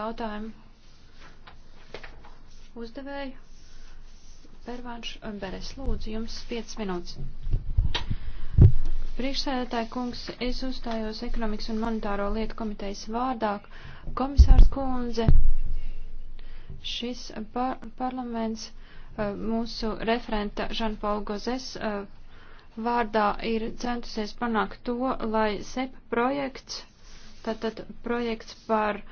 jautājumu uzdevēju. Pervānš Beres, lūdzu, jums 5 minūtes. Priekšsēdētāji kungs, es uzstājos ekonomikas un monetāro lietu komitejas vārdā. Komisārs kundze, šis par parlaments eh, mūsu referenta Žanpaula Gozes eh, vārdā ir centusies panākt to, lai SEP projekts, tātad projekts par uh,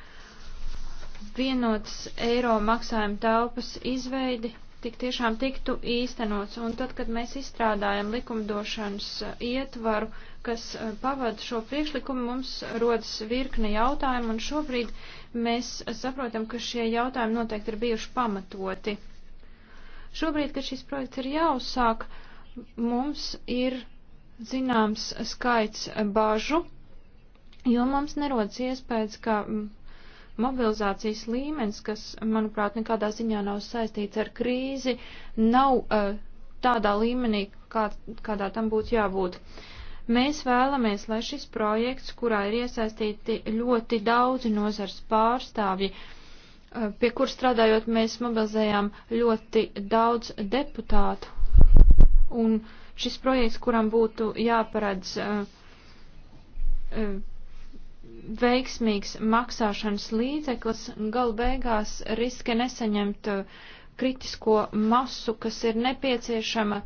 vienotas eiro maksājuma telpas izveidi tik tiešām tiktu īstenots. Un tad, kad mēs izstrādājam likumdošanas uh, ietvaru, kas uh, pavada šo priekšlikumu, mums rodas virkne jautājumu, un šobrīd mēs saprotam, ka šie jautājumi noteikti ir bijuši pamatoti. Šobrīd, kad šis projekts ir jāuzsāk, mums ir zināms skaits uh, bāžu, jo mums nerodas iespējas, ka mm, mobilizācijas līmenis, kas, manuprāt, nekādā ziņā nav saistīts ar krīzi, nav uh, tādā līmenī, kā, kādā tam būtu jābūt. Mēs vēlamies, lai šis projekts, kurā ir iesaistīti ļoti daudzi nozars pārstāvji, uh, pie kur strādājot mēs mobilizējām ļoti daudz deputātu, un šis projekts, kuram būtu jāparedz uh, uh, veiksmīgs maksāšanas līdzeklis gal beigās riski nesaņemt uh, kritisko masu, kas ir nepieciešama,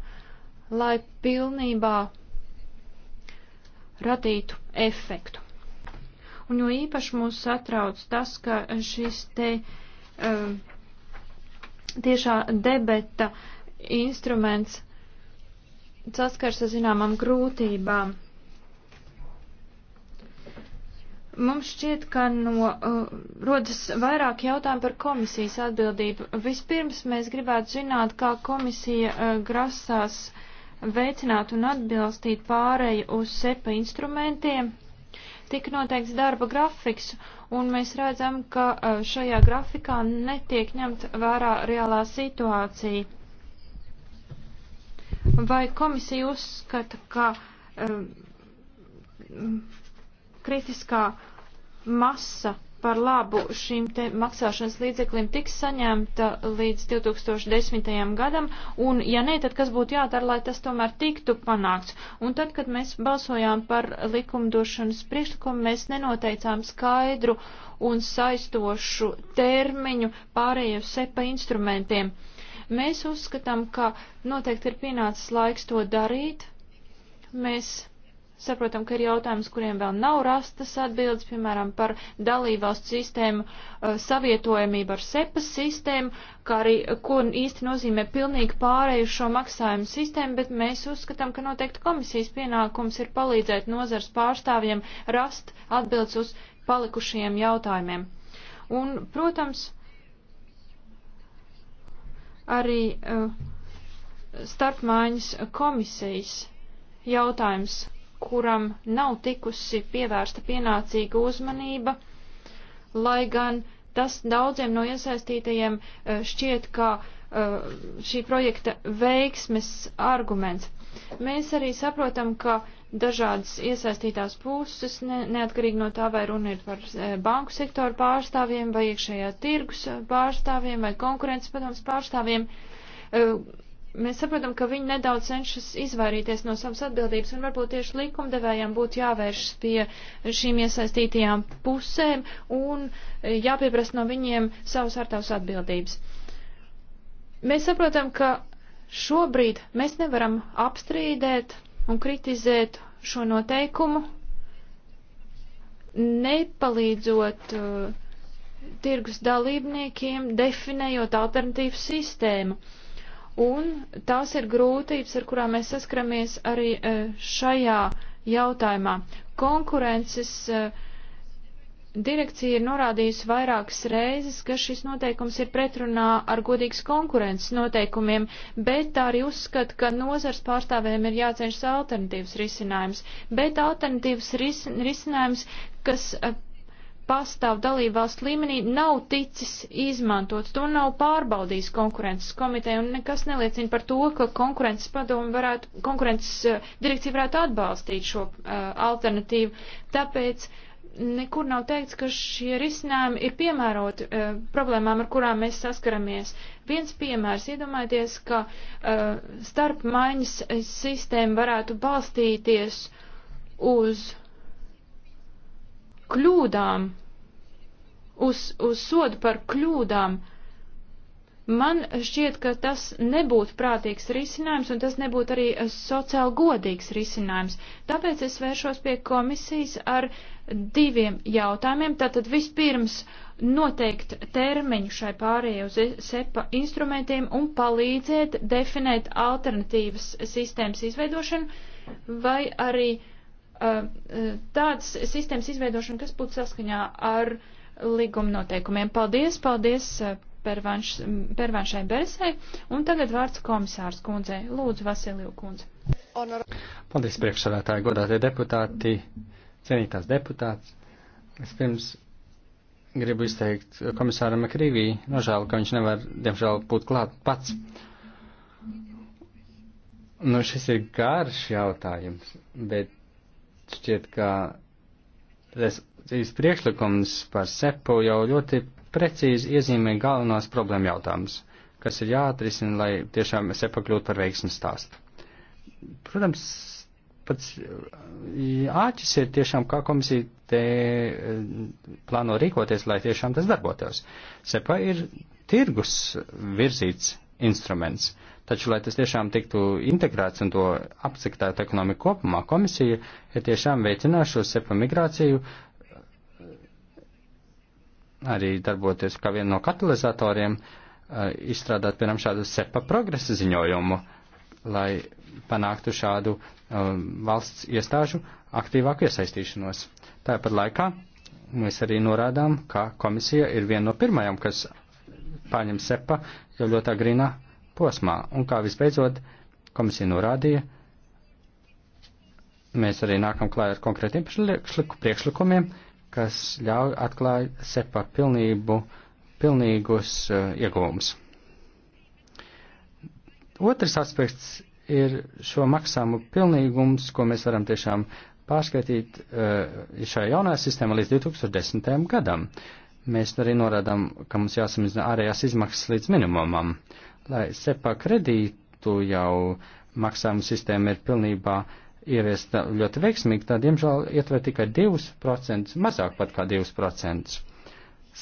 lai pilnībā radītu efektu. Un jo īpaši mūs satrauc tas, ka šis te um, tiešā debeta instruments saskars ar zināmām grūtībām. Mums šķiet, ka no, uh, rodas vairāk jautājumu par komisijas atbildību. Vispirms mēs gribētu zināt, kā komisija uh, grasās veicināt un atbilstīt pārēju uz sepa instrumentiem. Tik noteikts darba grafiks, un mēs redzam, ka uh, šajā grafikā netiek ņemt vērā reālā situācija. Vai komisija uzskata, ka. Uh, kritiskā masa par labu šīm te maksāšanas līdzeklim tiks saņemta līdz 2010. gadam, un ja nē, tad kas būtu jādara, lai tas tomēr tiktu panākts. Un tad, kad mēs balsojām par likumdošanas priekšlikumu, mēs nenoteicām skaidru un saistošu termiņu pārējo sepa instrumentiem. Mēs uzskatām, ka noteikti ir pienācis laiks to darīt. Mēs Saprotam, ka ir jautājums, kuriem vēl nav rastas atbildes, piemēram, par dalībvalstu sistēmu uh, savietojamību ar sepas sistēmu, kā arī, eh, ko īsti nozīmē pilnīgi pārēju šo maksājumu sistēmu, bet mēs uzskatām, ka noteikti komisijas pienākums ir palīdzēt nozars pārstāvjiem rast atbildes uz palikušajiem jautājumiem. Un, protams, arī uh, starpmaiņas komisijas jautājums kuram nav tikusi pievērsta pienācīga uzmanība, lai gan tas daudziem no iesaistītajiem eh, šķiet kā eh, šī projekta veiksmes arguments. Mēs arī saprotam, ka dažādas iesaistītās puses, ne, neatkarīgi no tā, vai runa ir par eh, banku sektoru pārstāvjiem, vai iekšējā tirgus pārstāvjiem, vai konkurences padoms pārstāvjiem, mēs saprotam, ka viņi nedaudz cenšas izvairīties no savas atbildības, un varbūt tieši likumdevējiem būtu jāvēršas pie šīm iesaistītajām pusēm un jāpieprasa no viņiem savas ar tavas atbildības. Mēs saprotam, ka šobrīd mēs nevaram apstrīdēt un kritizēt šo noteikumu, nepalīdzot uh, tirgus dalībniekiem, definējot alternatīvu sistēmu. Uh, un tās ir grūtības, ar kurām mēs saskaramies arī e, šajā jautājumā. Konkurences e, direkcija ir norādījusi vairākas reizes, ka šis noteikums ir pretrunā ar godīgas konkurences noteikumiem, bet tā arī uzskata, ka nozars pārstāvējiem ir jācenšas alternatīvas risinājums, bet alternatīvas risinājums, kas e, pastāv dalībvalstu līmenī, nav ticis izmantots, to nav pārbaudījis konkurences komiteja, un nekas neliecina par to, ka konkurences padomu varētu, konkurences eh, direkcija varētu atbalstīt šo uh, alternatīvu. Tāpēc nekur nav teikts, ka šie risinājumi ir piemēroti uh, problēmām, ar kurām mēs saskaramies. Viens piemērs, iedomājieties, ka uh, starp maiņas sistēma varētu balstīties uz kļūdām, uz, uz sodu par kļūdām, man šķiet, ka tas nebūtu prātīgs risinājums un tas nebūtu arī eh, sociāli godīgs risinājums. Tāpēc es vēršos pie komisijas ar diviem jautājumiem. Tātad vispirms noteikt termiņu šai pārējai uz SEPA instrumentiem un palīdzēt definēt alternatīvas sistēmas izveidošanu vai arī uh, Uh, uh, tādas sistēmas izveidošanu, kas būtu saskaņā ar līguma noteikumiem. Paldies, paldies uh, pervanš, pervanšai Beresai. Un tagad vārds komisārs kundzei. Lūdzu, Vasiliju kundze. Paldies, priekšsādātāji, godātie deputāti, cienītās deputāts. Es pirms gribu izteikt komisāram Makrīvī nožēlu, ka viņš nevar, diemžēl, būt klāt pats. Nu, šis ir garš jautājums, bet šķiet, ka rezolūcijas priekšlikums par sepu jau ļoti precīzi iezīmē galvenās problēma jautājumus, kas ir jāatrisina, lai tiešām sepa kļūtu par veiksmu stāstu. Protams, pats āķis ir tiešām, kā komisija te eh, plāno rīkoties, lai tiešām tas darbotos. Sepa ir tirgus virzīts instruments. Taču, lai tas tiešām tiktu integrēts un to apsektētu ekonomiku kopumā, komisija ir tiešām veicinājusi šo sepa migrāciju, arī darboties kā viena no katalizatoriem, eh, izstrādāt, piemēram, šādu sepa progresa ziņojumu, lai panāktu šādu eh, valsts iestāžu aktīvāku iesaistīšanos. Tāpat laikā mēs arī norādām, ka komisija ir viena no pirmajām, kas pārņem sepa jau ļoti agrīnā posmā. Un kā visbeidzot, komisija norādīja, mēs arī nākam klāt ar konkrētiem priekšlikumiem, kas ļauj atklāt sepa pilnību, pilnīgus uh, ieguvumus. Otrs aspekts ir šo maksājumu pilnīgums, ko mēs varam tiešām pārskatīt uh, eh, šajā jaunā sistēmā līdz 2010. gadam. Uh, Mēs arī norādām, ka mums jāsamazina ārējās izmaksas līdz minimumam, lai SEPA kredītu jau maksājumu sistēma ir pilnībā ieviesta ļoti veiksmīgi, tad, diemžēl, ietver tikai 2%, mazāk pat kā 2%.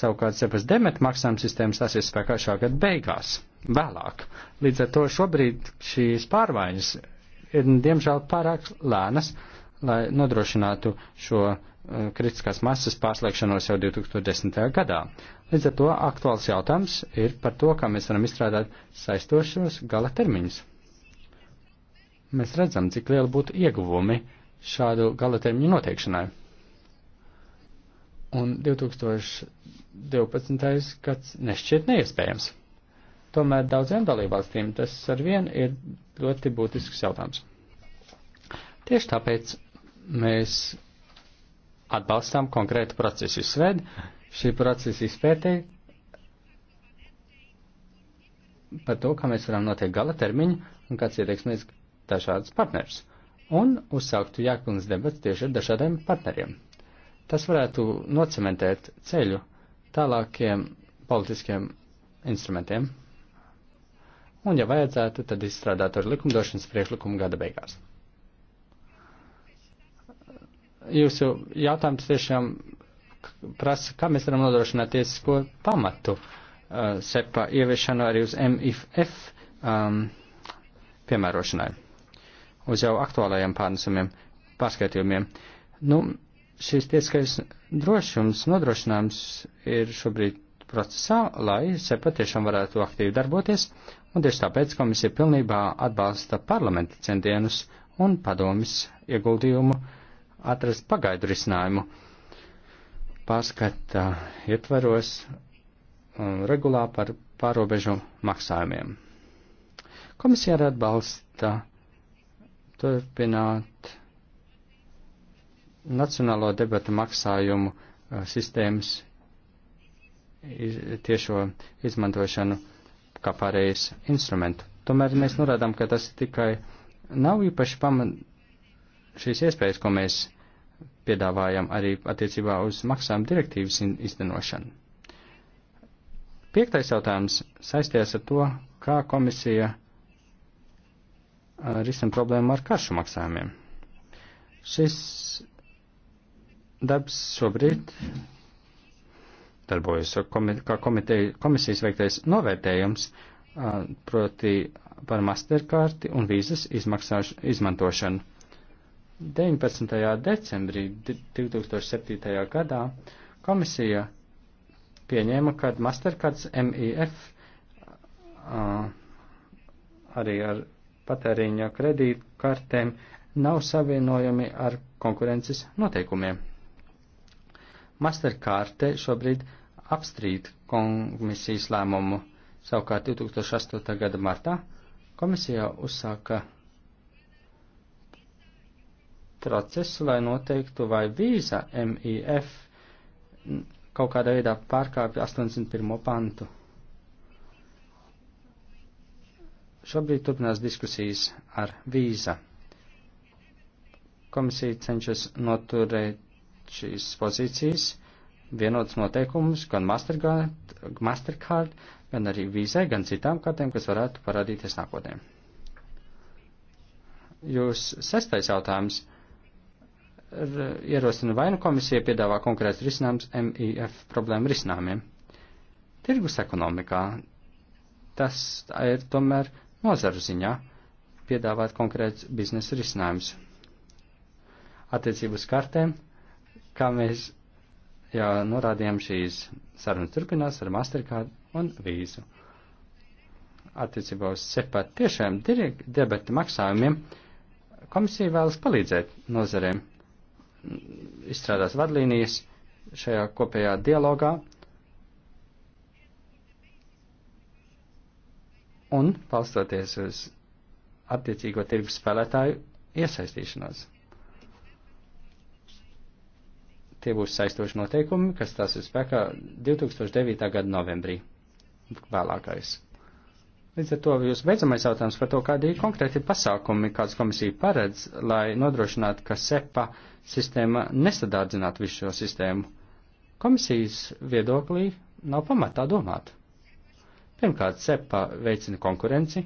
Savukārt sepas demet maksājuma sistēmas tas ir spēkā šā gada beigās, vēlāk. Līdz ar to šobrīd šīs pārmaiņas ir, diemžēl, pārāk lēnas, lai nodrošinātu šo Eh, kritiskās masas pārslēgšanos jau 2010. gadā. Līdz ar to aktuāls jautājums ir par to, kā mēs varam izstrādāt saistošos gala termiņus. Mēs redzam, cik liela būtu ieguvumi šādu gala termiņu noteikšanai. Un 2012. gads nešķiet neiespējams. Tomēr daudziem dalībvalstīm tas ar vienu ir ļoti būtisks jautājums. Tieši tāpēc mēs atbalstām konkrētu procesu izsved. Šī procesa izpētē par to, kā mēs varam noteikt gala termiņu un kāds ieteiksmēs dažādas partners. Un uzsāktu jākpilnas debats tieši ar dažādiem partneriem. Tas varētu nocementēt ceļu tālākiem politiskiem instrumentiem. Un, ja vajadzētu, tad izstrādāt ar likumdošanas priekšlikumu gada beigās jūsu jautājums tiešām prasa, kā mēs varam nodrošināt tiesisko pamatu uh, SEPA ieviešanu arī uz MIF um, piemērošanai, uz jau aktuālajiem pārnesumiem, pārskaitījumiem. Nu, šis tiesiskais drošums, nodrošinājums ir šobrīd procesā, lai SEPA tiešām varētu aktīvi darboties, un tieši tāpēc komisija pilnībā atbalsta parlamenta centienus un padomis ieguldījumu uh, atrast pagaidu risinājumu. Pārskata ietvaros um, regulā par pārobežu maksājumiem. Komisija arī atbalsta turpināt nacionālo debatu maksājumu uh, sistēmas tiešo izmantošanu kā pārējais instrumentu. Tomēr mēs norādām, ka tas tikai nav īpaši pamat, šīs iespējas, ko mēs piedāvājam arī attiecībā uz maksājuma direktīvas izdenošanu. Piektais jautājums saistījās ar to, kā komisija uh, risina problēmu ar karšu maksājumiem. Šis darbs šobrīd darbojas kā komiteja, komisijas veiktais novērtējums, uh, proti par masterkārti un vīzas izmantošanu 19. decembrī 2007. gadā komisija pieņēma, ka Mastercards MIF uh, arī ar patēriņa kredītkartēm nav savienojami ar konkurences noteikumiem. Mastercard šobrīd apstrīd komisijas lēmumu. Savukārt 2008. gada martā komisija uzsāka procesu, lai noteiktu, vai vīza MIF kaut kādā veidā pārkāpja 81. pantu. Šobrīd turpinās diskusijas ar vīza. Komisija cenšas noturēt šīs pozīcijas, vienotas noteikumus gan Mastercard, Mastercard gan arī vīzai, gan citām kartēm, kas varētu parādīties nākotnē. Jūs sestais jautājums ierosina vainu komisija piedāvā konkrēts risinājums MIF problēmu risinājumiem. Tirgus ekonomikā tas ir tomēr nozaru ziņā piedāvāt konkrēts biznesa risinājums. Attiecības kartēm, kā mēs jau norādījām, šīs sarunas turpinās ar Mastercard un vīzu. Attiecībā uz sepat tiešiem debeta maksājumiem komisija vēlas palīdzēt nozarēm izstrādās vadlīnijas šajā kopējā dialogā. Un palstoties uz attiecīgo tirgus spēlētāju iesaistīšanos. Tie būs saistoši noteikumi, kas tās ir spēkā 2009. gada novembrī vēlākais. Līdz ar to jūs beidzamais jautājums par to, kādi ir konkrēti pasākumi, kādas komisija paredz, lai nodrošinātu, ka SEPA sistēma nesadārdzinātu visu šo sistēmu. Komisijas viedoklī nav pamatā domāt. Pirmkārt, SEPA veicina konkurenci,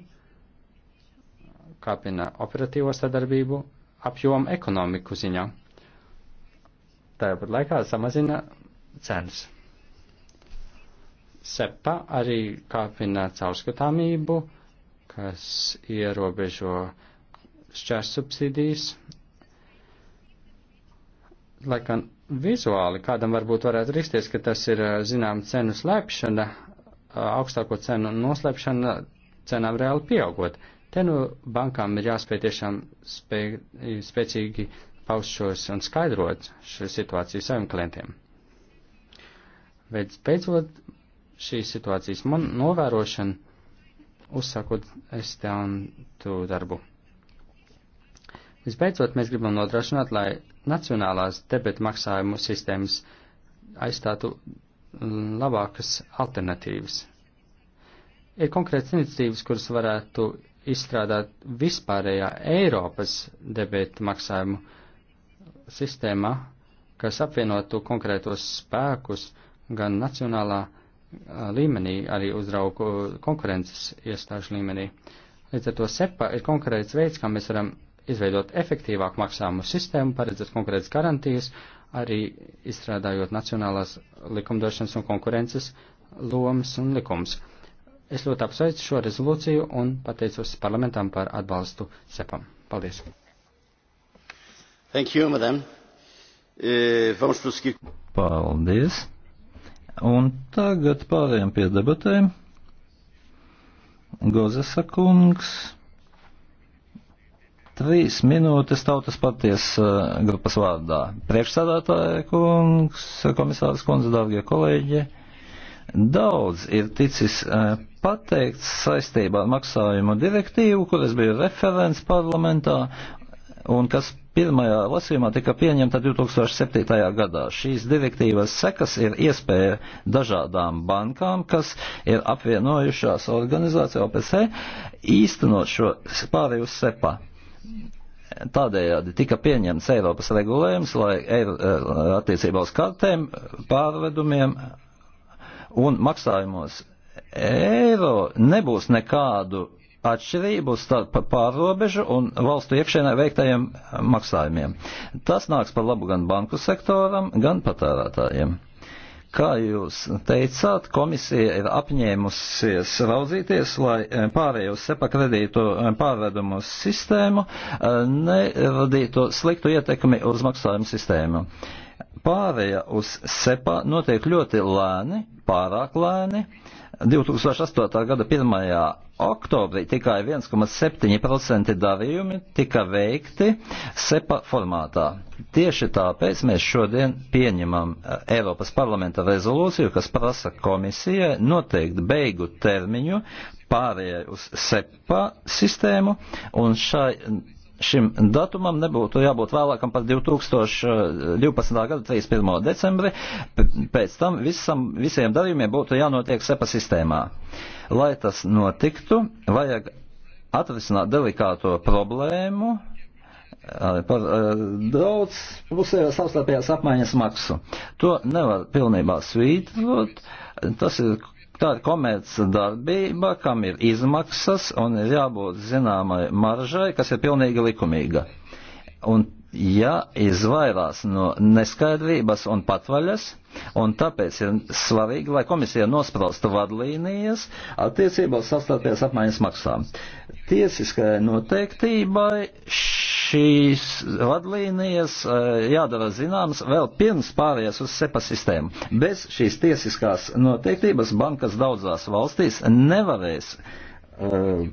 kāpina operatīvo sadarbību, apjomu ekonomiku ziņā. Tāpat laikā samazina cenas. SEPA arī kāpina caurskatāmību, kas ierobežo šķērs subsīdijas. Lai gan vizuāli kādam varbūt varētu risties, ka tas ir zinām cenu slēpšana, augstāko cenu noslēpšana cenām reāli pieaugot. Te nu bankām ir jāspēj tiešām spē, spēcīgi paust šos un skaidrot šo situāciju saviem klientiem. Bet beidzot, šīs situācijas novērošanu, uzsākot estantu darbu. Visbeidzot, mēs gribam nodrošināt, lai nacionālās debeta maksājumu sistēmas aizstātu labākas alternatīvas. Ir konkrēts iniciatīvas, kuras varētu izstrādāt vispārējā Eiropas debeta maksājumu sistēmā, kas apvienotu konkrētos spēkus gan nacionālā, līmenī, arī uzraugu konkurences iestāžu līmenī. Līdz ar to SEPA ir konkrēts veids, kā mēs varam izveidot efektīvāku maksājumu sistēmu, paredzēt konkrētas garantijas, arī izstrādājot nacionālās likumdošanas un konkurences lomas un likums. Es ļoti apsveicu šo rezolūciju un pateicos parlamentam par atbalstu SEPAM. Paldies! Thank you, madam. Eh, vamos prosseguir. Paldies. Un tagad pārējām pie debatēm. Gozesa kungs. Trīs minūtes tautas paties eh, grupas vārdā. Priekšsādātāja kungs, komisārs kundze, dārgie kolēģi. Daudz ir ticis eh, pateikts saistībā ar maksājumu direktīvu, kuras bija referents parlamentā, un kas pirmajā lasījumā tika pieņemta 2007. gadā. Šīs direktīvas sekas ir iespēja dažādām bankām, kas ir apvienojušās organizācijā OPC, īstenot šo pārēju sepa. Tādējādi tika pieņemts Eiropas regulējums, lai eiro, eh, attiecībā uz kartēm, pārvedumiem un maksājumos eiro nebūs nekādu atšķirību starp pārrobežu un valstu iekšēnē veiktajiem maksājumiem. Tas nāks par labu gan banku sektoram, gan patērētājiem. Kā jūs teicāt, komisija ir apņēmusies raudzīties, lai eh, pārējos sepa kredītu eh, pārvedumu sistēmu eh, neradītu sliktu ietekmi uz maksājumu sistēmu. Pārēja uz sepa notiek ļoti lēni, pārāk lēni, 2008. gada 1. oktobrī tikai 1,7% darījumi tika veikti SEPA formātā. Tieši tāpēc mēs šodien pieņemam eh, Eiropas parlamenta rezolūciju, kas prasa komisijai noteikt beigu termiņu pārējai uz SEPA sistēmu un šai šim datumam nebūtu jābūt vēlākam par 2012. Eh, gada 31. decembri, pēc tam visam, visiem darījumiem būtu jānotiek SEPA sistēmā. Lai tas notiktu, vajag atrisināt delikāto problēmu eh, par eh, daudz pusējo savstarpējās apmaiņas maksu. To nevar pilnībā svītrot, tas ir tāda komerca darbība, kam ir izmaksas un ir jābūt zināmai maržai, kas ir pilnīgi likumīga. Un ja izvairās no neskaidrības un patvaļas, un tāpēc ir svarīgi, lai komisija nospraustu vadlīnijas attiecībā uz sastāties apmaiņas maksām. Tiesiskai noteiktībai šī šīs vadlīnijas e, jādara zināmas vēl pirms pārējās uz SEPA sistēmu. Bez šīs tiesiskās noteiktības bankas daudzās valstīs nevarēs uh,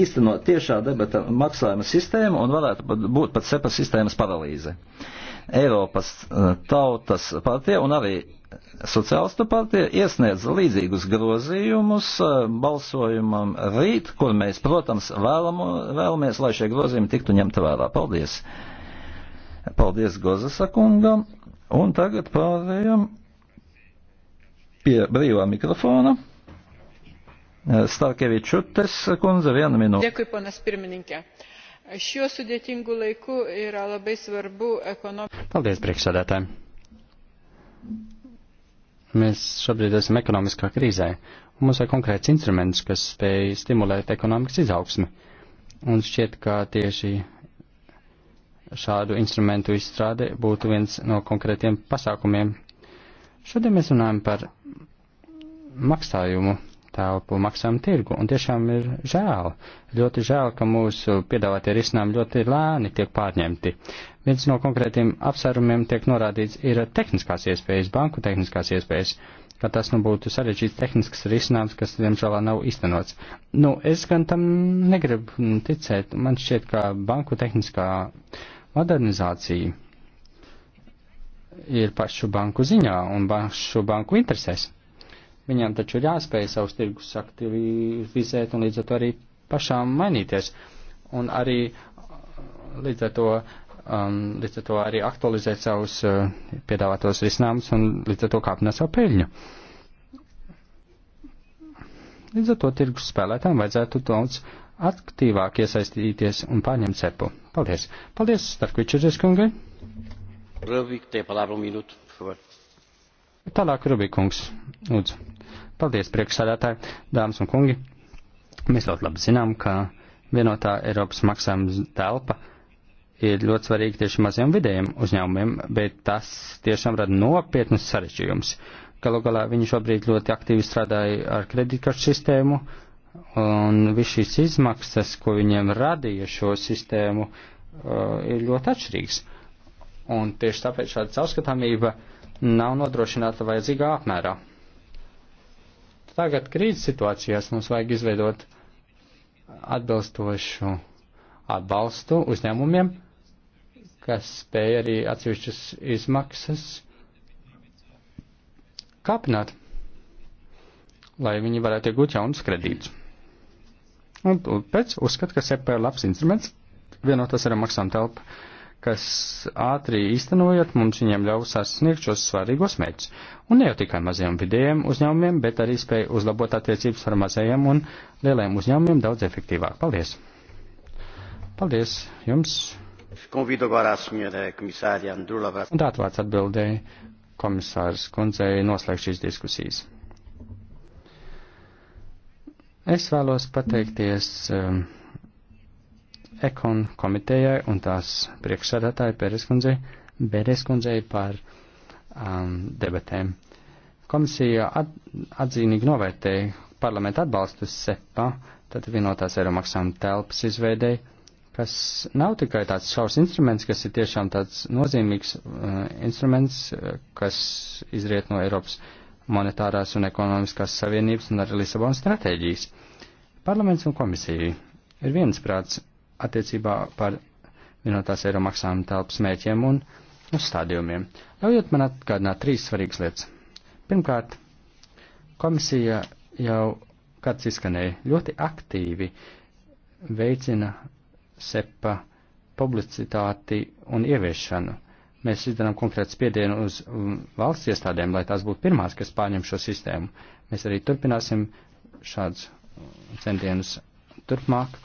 īstenot tiešā debeta maksājuma sistēmu un varētu būt pat SEPA sistēmas paralīze. Uh, Eiropas e, tautas partija un arī Sociālistu partija iesniedz līdzīgus grozījumus e, balsojumam rīt, kur mēs, protams, vēlamu, vēlamies, lai šie grozījumi tiktu ņemta vērā. Paldies! Paldies Gozasa kungam! Un tagad pārējām pie brīvā mikrofona. E, Starkevičutes kundze, viena minūte. Dēkui, ponas pirmininkē. Šiuo sudėtingu laiku yra labai svarbu ekonomikai. Paldies, priekšsādātāji. Mēs šobrīd esam ekonomiskā krīzē, un mums ir konkrēts instruments, kas spēj stimulēt ekonomikas izaugsmi. Un šķiet, ka tieši šādu instrumentu izstrāde būtu viens no konkrētiem pasākumiem. Šodien mēs runājam par maksājumu telpu maksājumu tirgu. Un tiešām ir žēl, ļoti žēl, ka mūsu piedāvātie risinājumi ļoti lēni tiek pārņemti. Viens no konkrētiem apsvērumiem tiek norādīts ir tehniskās iespējas, banku tehniskās iespējas, ka tas nu būtu sarežģīts tehnisks risinājums, kas, diemžēl, nav iztenots. Nu, es gan tam negribu ticēt. Man šķiet, ka banku tehniskā modernizācija ir pašu banku ziņā un pašu banku interesēs. Viņām taču ir jāspēj savus tirgus aktivizēt un līdz ar to arī pašām mainīties. Un arī uh, līdz ar to, um, līdz ar to arī aktualizēt savus uh, piedāvātos risinājumus un līdz ar to kāpināt savu peļņu. Līdz ar to tirgus spēlētājiem vajadzētu daudz aktīvāk iesaistīties un pārņemt cepu. Paldies! Paldies, Starkvičers kungai! Rövig, te palabra un minūtu, por favor. Tālāk Rubikungs, lūdzu. Paldies, priekšsādātāji, dāmas un kungi. Mēs ļoti labi zinām, ka vienotā Eiropas maksājuma telpa ir ļoti svarīga tieši maziem vidējiem uzņēmumiem, bet tas tiešām rada nopietnus sarežģījumus. Galu galā viņi šobrīd ļoti aktīvi strādāja ar kredītkaršu sistēmu, un viss šīs izmaksas, ko viņiem radīja šo sistēmu, uh, ir ļoti atšķirīgs. Un tieši tāpēc šāda caurskatāmība uh, nav nodrošināta vajadzīgā apmērā. Tagad krīzes situācijās mums vajag izveidot atbilstošu atbalstu uzņēmumiem, kas spēja arī atsevišķas izmaksas kāpināt, lai viņi varētu iegūt jaunus kredītus. Un pēc uzskat, ka SEP ir labs instruments, vienotās ar maksām telpu kas ātri īstenojot mums viņiem ļaus sasniegt šos svarīgos mērķus. Un ne jau tikai maziem vidējiem uzņēmumiem, bet arī spēja uzlabot attiecības ar mazajiem un lielajiem uzņēmumiem daudz efektīvāk. Paldies! Paldies jums! Un tā atvārds atbildēja komisārs kundzei noslēgt šīs diskusijas. Es vēlos pateikties. Um, Ekon komitejai un tās priekšsēdētāji Pereskundzei, Bereskundzei par um, debatēm. Komisija at, atzīmīgi novērtēja parlamentu atbalstu SEPA, tad vienotās eiromaksām telpas izveidēja, kas nav tikai tāds šaurs instruments, kas ir tiešām tāds nozīmīgs uh, instruments, uh, kas izriet no Eiropas monetārās un ekonomiskās savienības un arī Lisabonas stratēģijas. Parlaments un komisija ir viensprāts attiecībā par vienotās eiro maksājuma telpas mērķiem un uzstādījumiem. Ļaujiet man atgādināt trīs svarīgas lietas. Pirmkārt, komisija jau, kāds izskanēja, ļoti aktīvi veicina sepa publicitāti un ieviešanu. Mēs izdarām konkrētu spiedienu uz um, valsts iestādēm, lai tās būtu pirmās, kas pārņem šo sistēmu. Mēs arī turpināsim šādus um, centienus turpmāk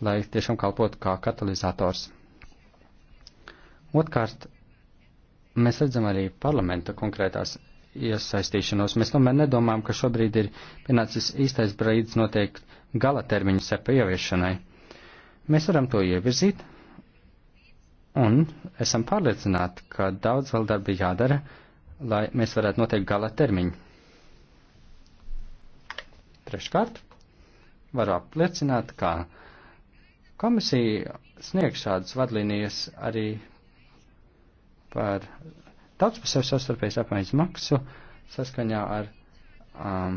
lai tiešām kalpotu kā katalizators. Otkārt, mēs redzam arī parlamenta konkrētās iesaistīšanos. Mēs tomēr nedomājam, ka šobrīd ir pienācis īstais brīdis noteikt gala termiņu sepa ieviešanai. Mēs varam to ievirzīt, un esam pārliecināti, ka daudz vēl darbi jādara, lai mēs varētu noteikt gala termiņu. Treškārt, varu apliecināt, ka Komisija sniegs šādas vadlīnijas arī par tautspusēju sastarpējas apmaiņas maksu saskaņā ar um,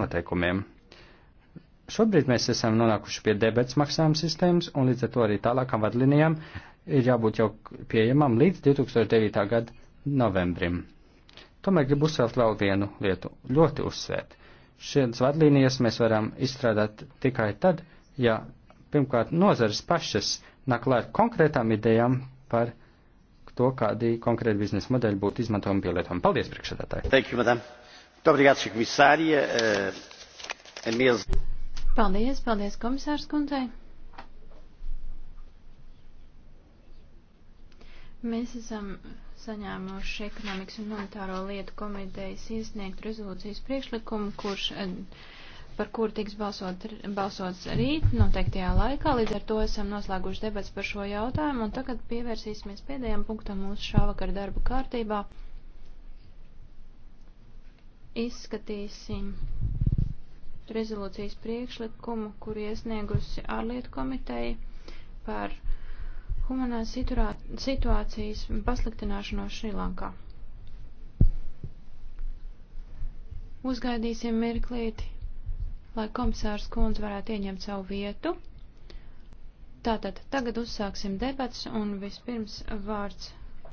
noteikumiem. Šobrīd mēs esam nonākuši pie debets maksājuma sistēmas, un līdz ar to arī tālākām vadlinijām ir jābūt jau pieejamām līdz 2009. gada novembrim. Tomēr gribu uzsvērt vēl vienu lietu, ļoti uzsvērt. Šādas vadlīnijas mēs varam izstrādāt tikai tad, ja pirmkārt nozares pašas nāk klāt konkrētām idejām par to, kādi konkrēti biznesa modeļi būtu izmantojami pielietojami. Paldies, priekšsēdētāji! Eh, paldies, paldies komisārs kundzei! Mēs esam saņēmuši ekonomikas un monetāro lietu komitejas iesniegt rezolūcijas priekšlikumu, kurš eh, par kuru tiks balsot, balsots rīt noteiktajā laikā. Līdz ar to esam noslēguši debats par šo jautājumu, un tagad pievērsīsimies pēdējiem punktam mūsu šāvakar darba kārtībā. Izskatīsim rezolūcijas priekšlikumu, kur iesniegusi ārlietu komiteja par humanās situācijas pasliktināšanos Šrilankā. Uzgaidīsim mirklīti lai komisārs kundze varētu ieņemt savu vietu. Tātad tagad uzsāksim debats un vispirms vārds